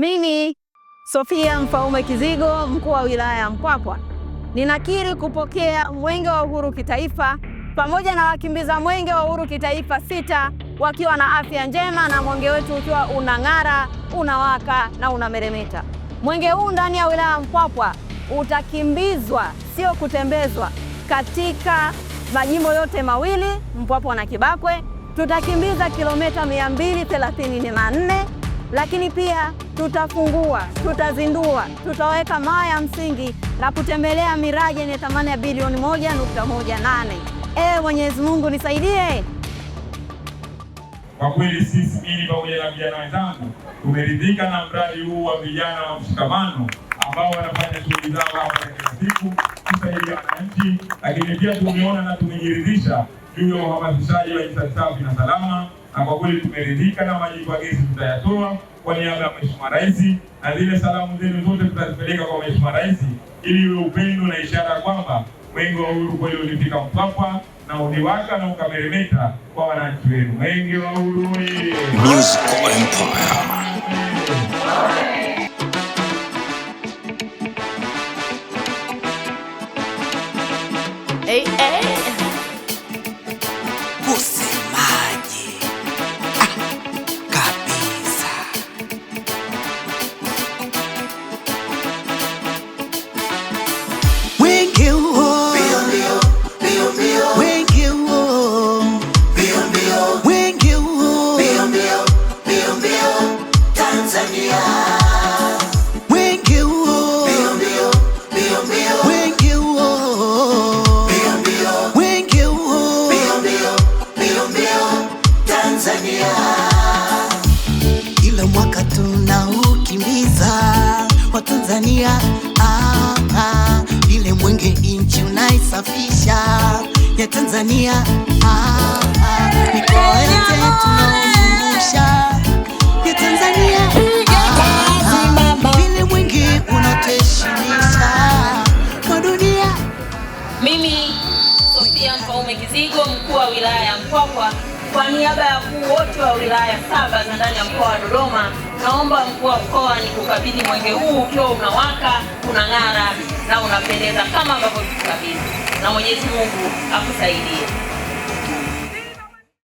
Mimi Sofia Mfaume Kizigo, mkuu wa wilaya ya Mpwapwa, ninakiri kupokea Mwenge wa Uhuru kitaifa pamoja na wakimbiza Mwenge wa Uhuru kitaifa sita wakiwa na afya njema na mwenge wetu ukiwa unang'ara, unawaka na unameremeta. Mwenge huu ndani ya wilaya ya Mpwapwa utakimbizwa, sio kutembezwa, katika majimbo yote mawili Mpwapwa na Kibakwe. Tutakimbiza kilomita 234 lakini pia tutafungua, tutazindua, tutaweka mawe ya msingi na kutembelea miradi yenye thamani ya bilioni 1.18. Ee Mwenyezi Mungu nisaidie. Kwa kweli sisi ili pamoja na vijana wenzangu tumeridhika na mradi huu wa vijana wa mshikamano ambao wanafanya shughuli zao hapa kila siku kusaidia wananchi, lakini pia tumeona na tumejiridhisha juu ya uhamasishaji wa itikadi safi na salama na kwa kweli tumeridhika na majibu hizi, tutayatoa kwa niaba ya Mheshimiwa Rais, na zile salamu zenu zote tutazipeleka kwa Mheshimiwa Rais ili iwe upendo na ishara kwamba mwenge wa uhuru kweli ulifika Mpwapwa na uliwaka na ukameremeta kwa wananchi wenu. Mwenge wa uhuru! Musical Empire. dunia ah, ah, ile mwenge inchi unaisafisha ya Tanzania ah, ah, mikoa yote ya Tanzania ah, ah dunia. Mimi Sofia Mfaume Kizigo, mkuu wa wilaya ya Mpwapwa, kwa niaba ya wote wa wilaya saba na ndani ya mkoa wa Dodoma Naomba mkuu wa mkoa ni kukabidhi mwenge huu ukiwa unawaka, unang'ara na unapendeza kama ambavyo tukabidhi, na Mwenyezi Mungu akusaidie.